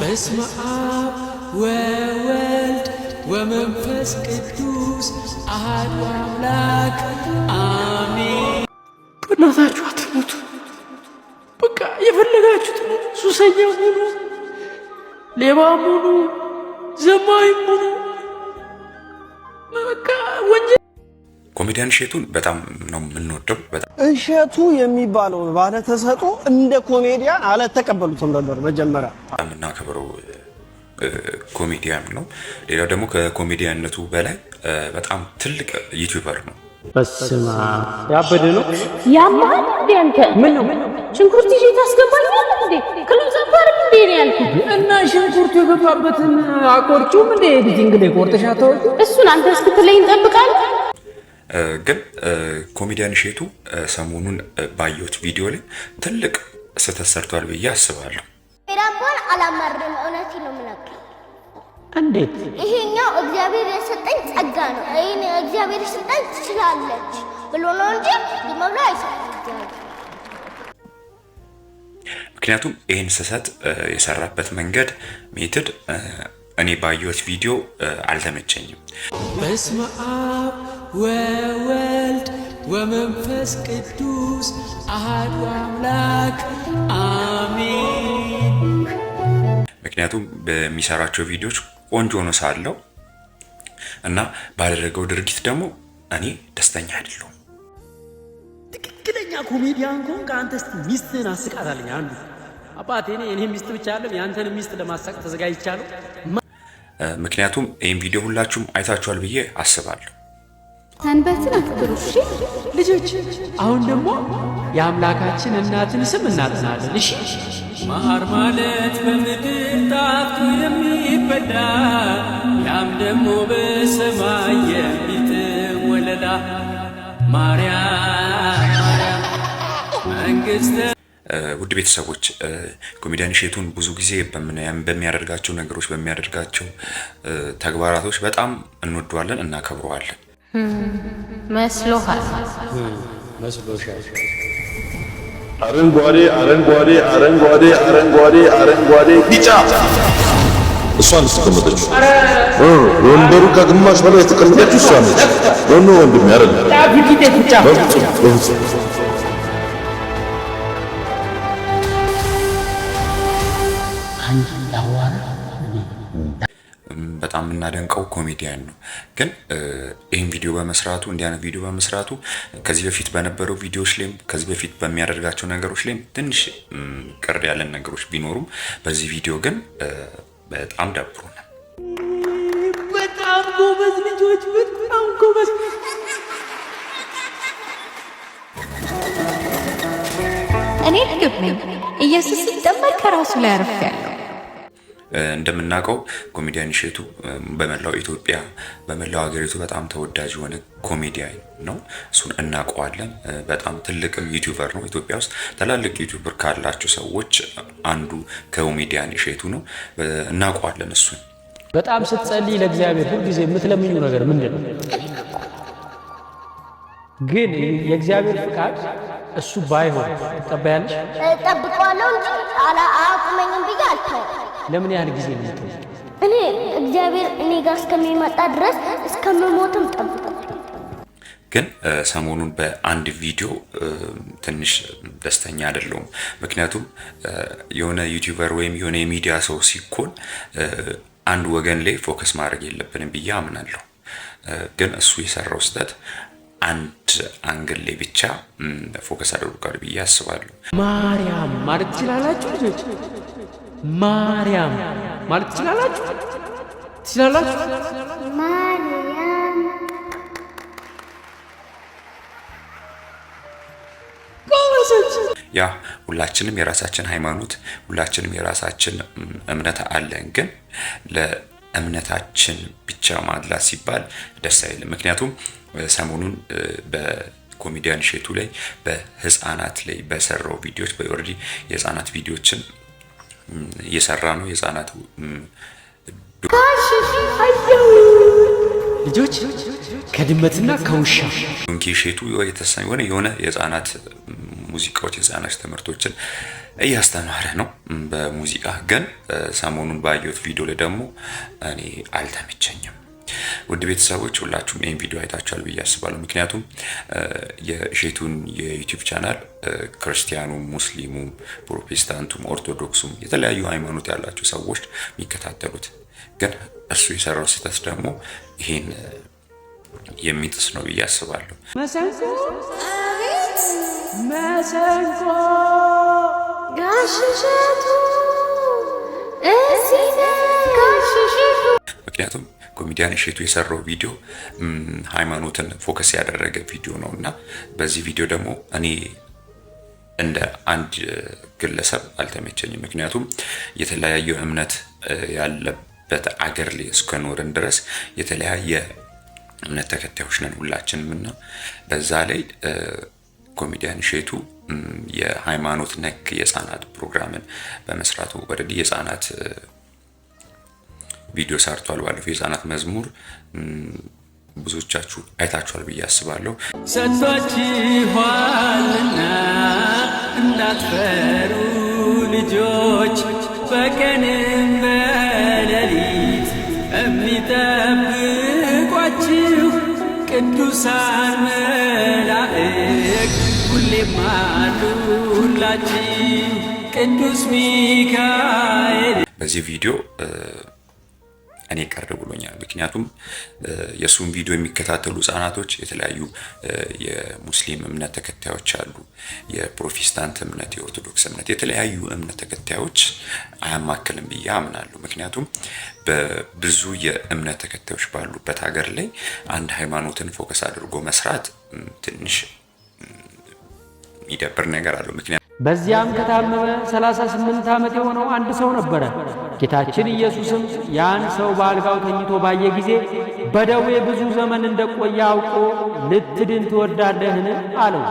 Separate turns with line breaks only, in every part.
በስመ አብ ወወልድ ወመንፈስ ቅዱስ አሐዱ አምላክ አሜን።
በእናታችሁ አትሞቱ። በቃ የፈለጋችሁት ሱሰኛ ሁኑ፣ ሌባም ሁኑ፣ ዘማዊም ሁኑ በቃ ወንጀል
ኮሜዲያን እሸቱን በጣም
ነው የምንወደው። እሸቱ
የሚባለው ባለተሰጡ እንደ ኮሜዲያን አልተቀበሉትም ነበር መጀመሪያ። በጣም
እናከብረው ኮሜዲያን ነው። ሌላው ደግሞ ከኮሜዲያነቱ በላይ በጣም ትልቅ ዩቲዩበር ነው። በስማ
ያበደ ነው
ሽንኩርት ይዤ ታስገባለህ እንዴ
እና ሽንኩርቱ የገባበትን አቆርጩም እንዴ ዲቲንግ ላይ ቆርጠሻ ታወቂ
እሱን አንተ እስክትለኝ እንጠብቃለን
ግን ኮሚዲያን እሸቱ ሰሞኑን ባየሁት ቪዲዮ ላይ ትልቅ ስህተት ሰርቷል
ብዬ አስባለሁ። ዳቦን
አላማርም፣ እውነት ነው የምነግርህ።
እንዴት
ይሄኛው እግዚአብሔር የሰጠኝ ጸጋ ነው። ይህን እግዚአብሔር የሰጠኝ ትችላለች ብሎ ነው እንጂ ሊመብላ አይሰጥ።
ምክንያቱም ይህን ስህተት የሰራበት መንገድ ሜትድ እኔ ባየሁት ቪዲዮ አልተመቸኝም።
ወወልድ ወመንፈስ ቅዱስ አሃዱ አምላክ አሜን።
ምክንያቱም በሚሰራቸው ቪዲዮዎች ቆንጆ ነው ሳለው እና ባደረገው ድርጊት ደግሞ እኔ ደስተኛ አይደለሁም።
ትክክለኛ ኮሜዲያን ከሆንክ አንተ እስኪ ሚስትህን አስቃታለኝ አንዱ አባቴ እኔ እኔ ሚስት ብቻ አለም የአንተን ሚስት ለማሳቅ ተዘጋጅቻለሁ።
ምክንያቱም ይህም ቪዲዮ ሁላችሁም አይታችኋል ብዬ አስባለሁ።
ሰንበትን አክብሩ
እሺ ልጆች። አሁን ደግሞ የአምላካችን እናትን ስም እናጥናለን እሺ። ማር
ማለት በምድር ጣቱ የሚበላ ያም ደግሞ በሰማይ የሚጥም ወለላ ማርያም ማርያም
መንግስተ ውድ ቤተሰቦች ኮሚዲያን እሸቱን ብዙ ጊዜ በሚያደርጋቸው ነገሮች በሚያደርጋቸው ተግባራቶች በጣም እንወደዋለን፣ እናከብረዋለን።
መስሎሃል
መስሎሻል።
አረንጓዴ አረንጓዴ አረንጓዴ አረንጓዴ አረንጓዴ
ቢጫ እሷን ስትቀመጠች ወንበሩ ከግማሽ በላይ የተቀመጠች እሷ ነች። ወንድሜ አይደለም
በጣም የምናደንቀው ኮሜዲያን ነው። ግን ይህን ቪዲዮ በመስራቱ እንዲህ አይነት ቪዲዮ በመስራቱ ከዚህ በፊት በነበረው ቪዲዮዎች ላይም ከዚህ በፊት በሚያደርጋቸው ነገሮች ላይም ትንሽ ቅር ያለን ነገሮች ቢኖሩም በዚህ ቪዲዮ ግን በጣም ደብሮናል።
በጣም ጎበዝ ልጆች፣ በጣም ጎበዝ
እኔ እርግብ ነኝ። ኢየሱስ ከራሱ ላይ አርፍ
ያለው እንደምናውቀው ኮሜዲያን እሸቱ በመላው ኢትዮጵያ በመላው ሀገሪቱ በጣም ተወዳጅ የሆነ ኮሜዲያን ነው። እሱን እናውቀዋለን። በጣም ትልቅም ዩቲዩበር ነው። ኢትዮጵያ ውስጥ ትላልቅ ዩቲዩበር ካላቸው ሰዎች አንዱ ኮሜዲያን እሸቱ ነው። እናውቀዋለን እሱን። በጣም
ስትጸልይ ለእግዚአብሔር ሁልጊዜ የምትለምኙ ነገር ምንድን ነው? ግን የእግዚአብሔር ፍቃድ እሱ ባይሆን ትቀበያለሽ? ጠብቀዋለሁ
እንጂ አላቁመኝም ብዬ አልተውም ለምን ያህል ጊዜ ልትሆ እኔ እግዚአብሔር እኔ ጋር እስከሚመጣ ድረስ እስከምሞትም
ጠብቁ። ግን ሰሞኑን በአንድ ቪዲዮ ትንሽ ደስተኛ አይደለሁም። ምክንያቱም የሆነ ዩቲዩበር ወይም የሆነ የሚዲያ ሰው ሲኮን አንድ ወገን ላይ ፎከስ ማድረግ የለብንም ብዬ አምናለሁ። ግን እሱ የሰራው ስህተት አንድ አንግል ላይ ብቻ ፎከስ አድርጓል ብዬ አስባለሁ።
ማርያም ማለት ትችላላችሁ ልጆች ማርያም ማለት ትችላላችሁ ትችላላችሁ። ማርያም
ያ ሁላችንም የራሳችን ሃይማኖት ሁላችንም የራሳችን እምነት አለን። ግን ለእምነታችን ብቻ ማድላት ሲባል ደስ አይልም። ምክንያቱም ሰሞኑን በኮሜዲያን ሼቱ ላይ በህፃናት ላይ በሰራው ቪዲዮዎች በኦልሬዲ የህፃናት ቪዲዮዎችን እየሰራ ነው። የህፃናት
ልጆች ከድመትና ከውሻ ዶንኪ
ሼቱ የሆነ የሆነ የህፃናት ሙዚቃዎች የህፃናት ትምህርቶችን እያስተማረ ነው። በሙዚቃ ግን ሰሞኑን ባየሁት ቪዲዮ ላይ ደግሞ እኔ አልተመቸኝም። ውድ ቤተሰቦች ሁላችሁም ይህን ቪዲዮ አይታችኋል ብዬ አስባለሁ። ምክንያቱም የእሼቱን የዩቲዩብ ቻናል ክርስቲያኑም፣ ሙስሊሙም፣ ፕሮቴስታንቱም፣ ኦርቶዶክሱም የተለያዩ ሃይማኖት ያላቸው ሰዎች የሚከታተሉት ግን እሱ የሰራው ስህተት ደግሞ ይሄን የሚጥስ ነው ብዬ
አስባለሁ። መሰንቆ
ምክንያቱም ኮሚዲያን እሸቱ የሰራው ቪዲዮ ሃይማኖትን ፎከስ ያደረገ ቪዲዮ ነው እና በዚህ ቪዲዮ ደግሞ እኔ እንደ አንድ ግለሰብ አልተመቸኝም። ምክንያቱም የተለያዩ እምነት ያለበት አገር ላይ እስከኖርን ድረስ የተለያየ እምነት ተከታዮች ነን ሁላችንም እና በዛ ላይ ኮሚዲያን እሸቱ የሃይማኖት ነክ የህፃናት ፕሮግራምን በመስራቱ ወረዲ የህፃናት ቪዲዮ ሰርቷል። ባለፈው የህፃናት መዝሙር ብዙዎቻችሁ አይታችኋል ብዬ አስባለሁ። ሰጥቷችኋልና እንዳትፈሩ ልጆች በቀንም በሌሊት የሚጠብቋችሁ ቅዱሳን መላእክ ሁሌም አሉላችሁ ቅዱስ ሚካኤል በዚህ ቪዲዮ እኔ ቀር ብሎኛል። ምክንያቱም የእሱን ቪዲዮ የሚከታተሉ ህጻናቶች የተለያዩ የሙስሊም እምነት ተከታዮች አሉ፣ የፕሮቴስታንት እምነት፣ የኦርቶዶክስ እምነት፣ የተለያዩ እምነት ተከታዮች አያማክልም ብዬ አምናለሁ። ምክንያቱም በብዙ የእምነት ተከታዮች ባሉበት ሀገር ላይ አንድ ሃይማኖትን ፎከስ አድርጎ መስራት ትንሽ የሚደብር ነገር አለው።
በዚያም ከታመመ ሰላሳ ስምንት ዓመት የሆነው አንድ ሰው ነበረ። ጌታችን ኢየሱስም ያን ሰው በአልጋው ተኝቶ ባየ ጊዜ በደዌ ብዙ ዘመን እንደቆየ አውቆ ልትድን ትወዳለህን? አለው።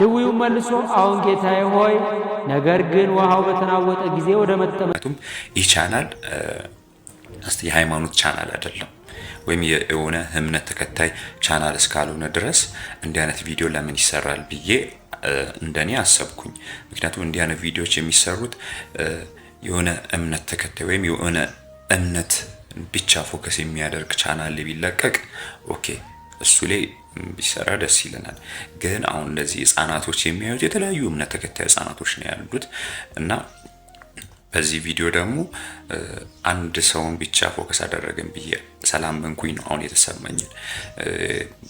ድዊውም መልሶ አሁን ጌታዬ ሆይ፣ ነገር ግን ውሃው በተናወጠ ጊዜ ወደ
መጠመቱም ይህ ቻናል እስቲ የሃይማኖት ቻናል አይደለም ወይም የሆነ እምነት ተከታይ ቻናል እስካልሆነ ድረስ እንዲህ አይነት ቪዲዮ ለምን ይሰራል ብዬ እንደኔ አሰብኩኝ። ምክንያቱም እንዲህ አይነት ቪዲዮዎች የሚሰሩት የሆነ እምነት ተከታይ ወይም የሆነ እምነት ብቻ ፎከስ የሚያደርግ ቻናል ቢለቀቅ ኦኬ እሱ ላይ ቢሰራ ደስ ይለናል። ግን አሁን እንደዚህ ህጻናቶች የሚያዩት የተለያዩ እምነት ተከታይ ህጻናቶች ነው ያሉት እና በዚህ ቪዲዮ ደግሞ አንድ ሰውን ብቻ ፎከስ አደረግን ብዬ ሰላም መንኩኝ ነው አሁን የተሰማኝን።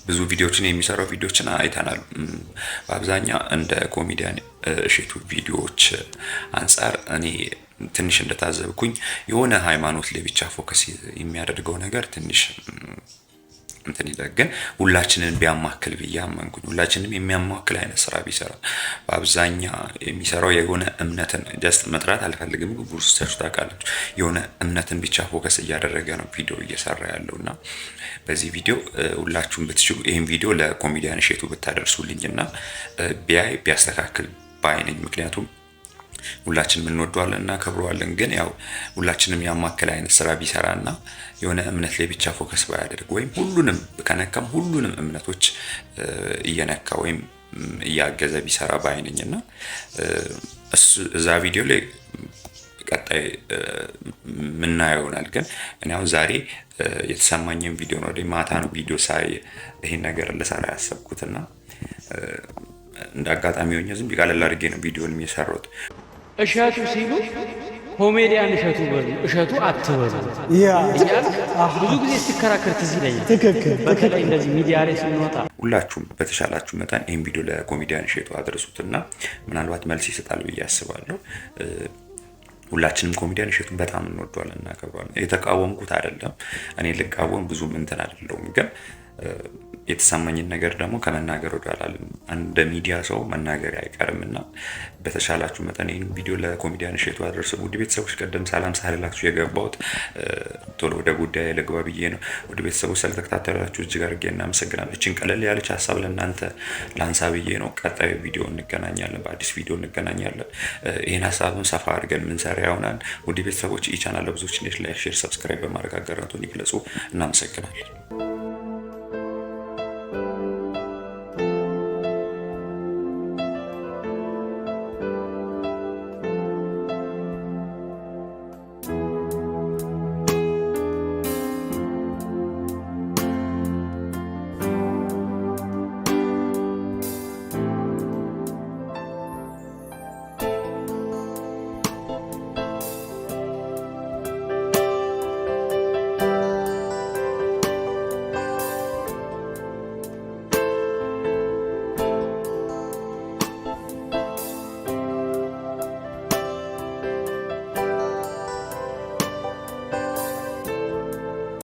ብዙ ቪዲዮችን የሚሰራው ቪዲዮችን አይተናል። በአብዛኛው እንደ ኮሚዲያን እሽቱ ቪዲዮዎች አንጻር እኔ ትንሽ እንደታዘብኩኝ የሆነ ሃይማኖት ላይ ብቻ ፎከስ የሚያደርገው ነገር ትንሽ እንትን ይላል። ግን ሁላችንን ቢያማክል ብዬ አመንኩኝ። ሁላችንም የሚያማክል አይነት ስራ ቢሰራ በአብዛኛ የሚሰራው የሆነ እምነትን ጀስት መጥራት አልፈልግም። ብዙዎቻችሁ ታውቃላችሁ። የሆነ እምነትን ብቻ ፎከስ እያደረገ ነው ቪዲዮ እየሰራ ያለው እና በዚህ ቪዲዮ ሁላችሁም ብትችሉ ይህም ቪዲዮ ለኮሚዲያን እሸቱ ብታደርሱልኝ እና ቢያይ ቢያስተካክል በአይነኝ ምክንያቱም ሁላችንም እንወደዋለን እና ከብረዋለን። ግን ያው ሁላችንም ያማከለ አይነት ስራ ቢሰራ ቢሰራና የሆነ እምነት ላይ ብቻ ፎከስ ባያደርግ ወይም ሁሉንም ከነካም ሁሉንም እምነቶች እየነካ ወይም እያገዘ ቢሰራ በአይነኝ እና እዛ ቪዲዮ ላይ ቀጣይ ምናየው ይሆናል። ግን እኔ አሁን ዛሬ የተሰማኝን ቪዲዮ ነው ወደ ማታ ነው ቪዲዮ ሳይ ይሄን ነገር ልሰራ ያሰብኩትና እንደ አጋጣሚ ሆኜ ዝም ቢቃለል አድርጌ ነው ቪዲዮን የሰራሁት። እሸቱ
ሲሉ ኮሜዲያን እሸቱ በሉ እሸቱ አትበሉ እያልክ ብዙ ጊዜ ስትከራከር ትዝ ይለኛል። ትክክል። በተለይ እንደዚህ ሚዲያ ላይ
ስንወጣ ሁላችሁም በተሻላችሁ መጠን ይህን ቪዲዮ ለኮሜዲያን እሸቱ አድርሱትና ምናልባት መልስ ይሰጣል ብዬ አስባለሁ። ሁላችንም ኮሚዲያን እሸቱን በጣም እንወደዋለን፣ እናከብረዋለን። የተቃወምኩት አይደለም እኔ ልቃወም ብዙም እንትን አይደለውም ግን የተሰማኝን ነገር ደግሞ ከመናገር ወደ አላልም። እንደ ሚዲያ ሰው መናገር አይቀርም እና በተሻላችሁ መጠን ይህን ቪዲዮ ለኮሚዲያን እሸቱ አድርሱ። ውድ ቤተሰቦች፣ ቀደም ሰላም ሳልላችሁ የገባሁት ቶሎ ወደ ጉዳይ ልግባ ብዬ ነው። ውድ ቤተሰቦች፣ ስለተከታተላችሁ እጅግ አድርጌ እናመሰግናለን። እችን ቀለል ያለች ሀሳብ ለእናንተ ላንሳ ብዬ ነው። ቀጣዩ ቪዲዮ እንገናኛለን፣ በአዲስ ቪዲዮ እንገናኛለን። ይህን ሀሳብም ሰፋ አድርገን ምንሰራ ይሆናል። ውድ ቤተሰቦች፣ ይህ ቻናል ለብዙዎች ላይ ሼር፣ ሰብስክራይብ በማድረግ አጋርነቱን ይግለጹ። እናመሰግናለን።